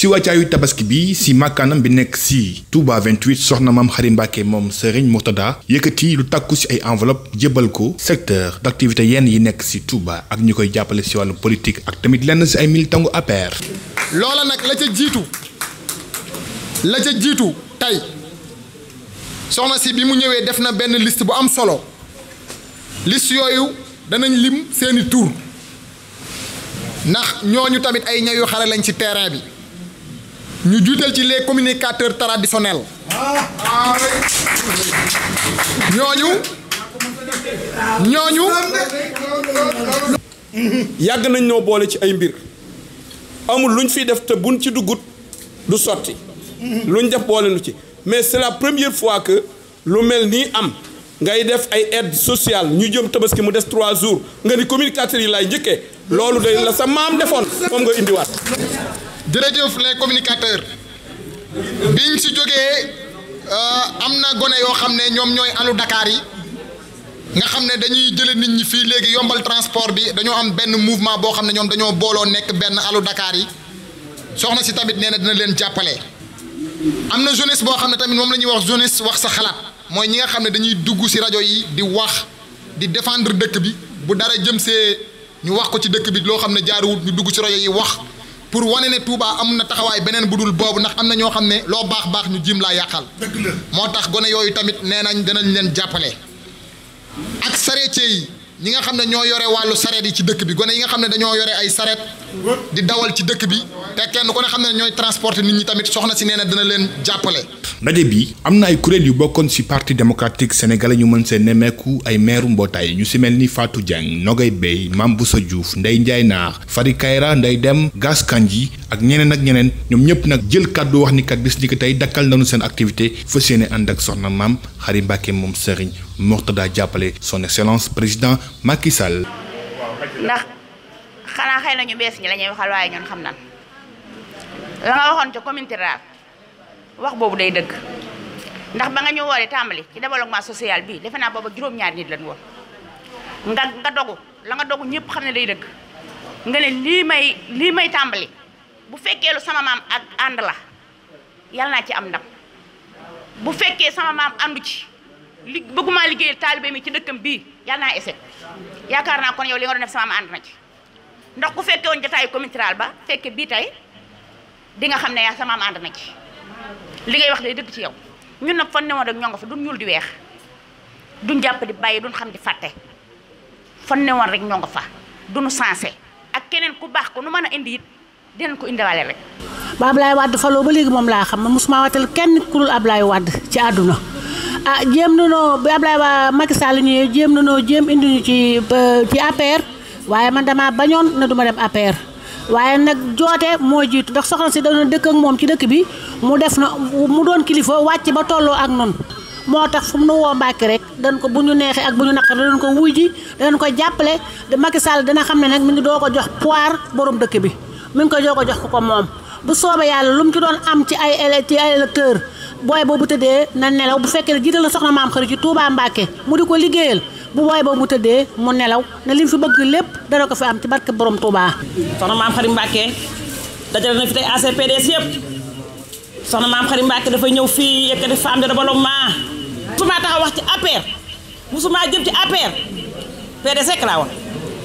ci wàccaayu tabaski bi si màkkaanam bi nekk si Touba 28 soxna maam Xari Mbàkke moom Serigne Mourtada yëkkati lu tàkku si ay enveloppe jébal ko secteur d'activité yenn yi nekk si Touba ak ñu koy jàppale si wàllu politique ak tamit lenn si ay militangu APR. loola nag la ca jiitu la ca jiitu tey soxna si bi mu ñëwee def na benn liste bu am solo list yooyu danañ lim seeni tur ndax ñooñu tamit ay ñayu xare lañ ci terrain bi. ñu juutal ci les communicateurs traditionnels ñooñu ñooñu yàgg nañ ñoo boole ci ay mbir amul luñ fi def te buñ ci duggut du sotti luñ def boole ci mais c'est la première fois que lu mel nii am ngay def ay aide sociale ñu jëm tabaski mu des trois jours nga ni communicateurs yi laay njëkkee loolu day la sa maam defoon moom nga indiwaat jërëjëf les communicateurs biñ si jógee euh, am na gone yoo xam ne ñoom ñooy alu dakaar yi nga xam ne dañuy jële nit ñi fii léegi yombal transport bi dañoo am benn mouvement boo xam ne ñoom dañoo booloo nekk benn alu Dakar yi soxna si tamit nee na dina leen jàppale am na jeunesse boo xam ne tamit moom la ñuy wax jeunesse wax sa xalaat mooy ñi nga xam ne dañuy dugg si rajo yi di wax di défendre dëkk bi bu dara jëm see ñu wax ko ci dëkk bi loo xam ne jaaruwut ñu dugg si rajo yi wax pour wane ne Touba am na taxawaay beneen bu dul boobu ndax am na ñoo xam ne loo baax baax ñu jim laa yàqal. moo tax gone yooyu tamit nee nañ danañ leen jàppale. ak sareetier yi ñi nga xam ne ñoo yore wàllu sareet yi ci dëkk bi gone yi nga xam ne dañoo yore ay sareet di dawal ci dëkk bi. te kenn ku ne xam ne ñooy transporter nit ñi tamit soxna si nee na dina leen jàppale. ndaje bi am na ay kuréel yu bokkoon si parti démocratique sénégalais ñu mën see nemmeeku ay meeru mbootaay ñu si mel ni Fatou Dieng Nogay Bey bu sa Diouf Ndeye Ndiaye Naar Fari Kayra Ndeye Dem Gas Kanji ak ñeneen ak ñeneen ñoom ñëpp nag jël kàddu wax ni kat bis ni ki tey dakkal nañu seen activité fas yéene ànd ak soxna maam Xari Mbàkke moom Serigne Mourtada jàppale son excellence président Macky Sall. la nga waxoon ca commune rurale wax boobu day dëgg ndax ba nga ñu wooree tàmbali ci développement social bii defe naa booba juróom-ñaari nit lañ woon nga nga dogu la nga dogu ñëpp xam ne day dëgg nga ne lii may lii may tàmbali bu fekkee lu sama maam ak ànd la yàlla naa ci am ndam bu fekkee sama maam àndu ci li bëgguma liggéeyal taalibe mi ci dëkkam bii yàlla naa ese yaakaar naa kon yow li nga doon def sama ànd na ci ndax ku fekkee woon jataayu commune ba fekke bii tey di nga xam ne yaa sama am ànd na ci li ngay wax day dëgg ci yow ñun nag fan ne woon rek ñoo nga fa du ñuul di weex duñ jàpp di bàyyi duñ xam di fàtte fan ne woon rek ñoo nga fa nu sensé ak keneen ku baax ko nu mën a indi it dinañ ko indiwaale rek. ba Ablaye Wade faloo ba léegi moom laa xam man mosuma watal kenn ku dul Ablaye wàdd ci àdduna a ah, jéem nanoo bi Ablaye waa Macky Sall ñëwee jéem nanoo jéem indi ñu ci euh, ci waaye man dama bañoon ne duma dem APR. waaye nag joote moo jiitu ndax soxna si dana dëkk ak moom ci dëkk bi mu def na mu doon kilifa wàcc ba tolloo ak noonu moo tax fu mu nu woo Mbàkke rek dan ko bu ñu neexee ak bu ñu naqaree dañ ko wuy ji dañ ko jàppale Macky Sall dina xam ne nag mi ngi doo ko jox pouvoir borom dëkk bi mi ngi ko doo ko jox ko ko moom bu soobee yàlla lu mu ci doon am ci ay ele ay électeur booy boobu tëddee na nelaw bu fekkee ne jiital na soxna maam xëri ci Touba Mbàkke mu di ko liggéeyal bu waay boobu mu tëddee mu nelaw ne li mu fi bëgg lépp dara ko fi am ci barke borom Touba. soxna maam Xarim Mbacke dajale na fi tey ACPDS yëpp soxna maam Xarim Mbacke dafay ñëw fii yëkkati femme de développement. musuma taxaw wax ci APR musuma jëm ci APR PDS rek laa woon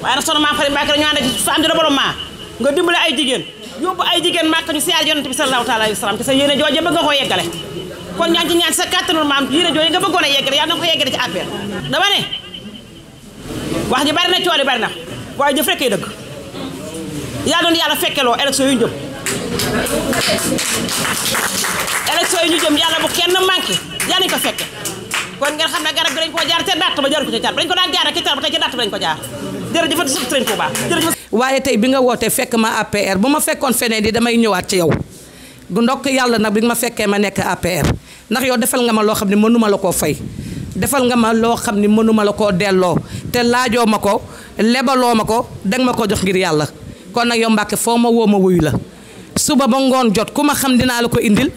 waaye nag soxna maam Xarim Mbacke dañoo ànd ci femme de nga dimbale ay jigéen yóbbu ay jigéen màkk ñu siyaar yonent bi sallallahu taala alayhi wa sallam te sa yéene jooje bëgg nga koo yeggale kon ñaan ci ñaan sa kàttanul maam yéene jooje nga bëggoon a yeggale yàlla na ko yeggale ci APR dama ne. wax ji bari na coono bari na waaye jëf rek kay dëgg yaa doon yàlla fekkeloo élection yu ñu jëm élection yi ñu jëm yàlla bu kenn manqué yàlla nañu ko fekke kon ngeen xam ne garab gi dañ koo jaar te datt ba jaru ko ca car ba dañ ko daan jaar ci car ba tey ci datt ba ko jaar jërëjëfati sëf Serigne Touba waaye tey bi nga wootee fekk ma APR bu ma fekkoon feneen di damay ñëwaat ci yow ndokk yàlla nag bi ma fekkee ma nekk APR ndax yow defal nga ma loo xam ne mënuma la koo fay defal nga ma loo xam ni mënuma la koo delloo te laajoo ma ko lebaloo ma ko danga ma ko jox ngir yàlla kon nag yow Mbàkke foo ma woo ma wuyu la suba ba ngoon jot ku ma xam dinaa la ko indil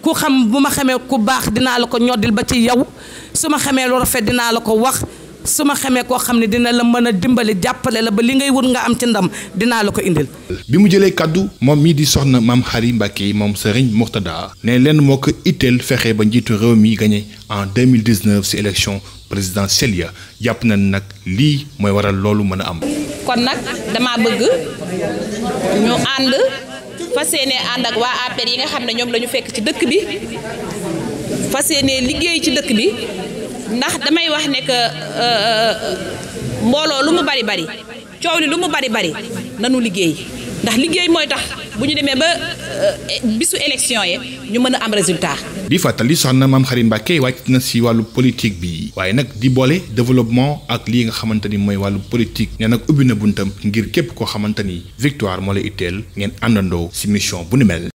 ku xam bu ma xamee ku baax dinaa la ko ñoddil ba ci yow su ma xamee lu rafet dinaa la ko wax su ma xamee koo xam ne dina la mën a dimbali jàppale la ba li ngay wut nga am ci ndam dinaa la ko indil. bi mu jëlee kàddu moom mii di soxna maam xari Mbàkke moom Serigne Mourtada ne leen moo ko itteel fexe ba njiitu réew mi gagné en 2019 si élection présidentielle ya jàpp na nag lii mooy waral loolu mën a am. kon nag dama bëgg ñu ànd fas yéene ànd ak waa APR e yi nga xam ne ñoom lañu fekk ci dëkk bi. fas ne liggéey ci dëkk bi ndax damay wax ne que euh, mbooloo lu mu bari bari coow li lu mu bari bari nanu liggéey ndax liggéey mooy tax bu ñu demee ba euh, bisu élection yi ñu mën a am résultat. di fàttali soxna maam Xarim Mbàkke wàcc na si wàllu politique bi waaye nag di boole développement ak lii nga xamante ni mooy wàllu politique nee nag ubbi na buntam ngir képp koo xamante ni victoire moo lay itteel ngeen àndandoo si mission bu ni mel.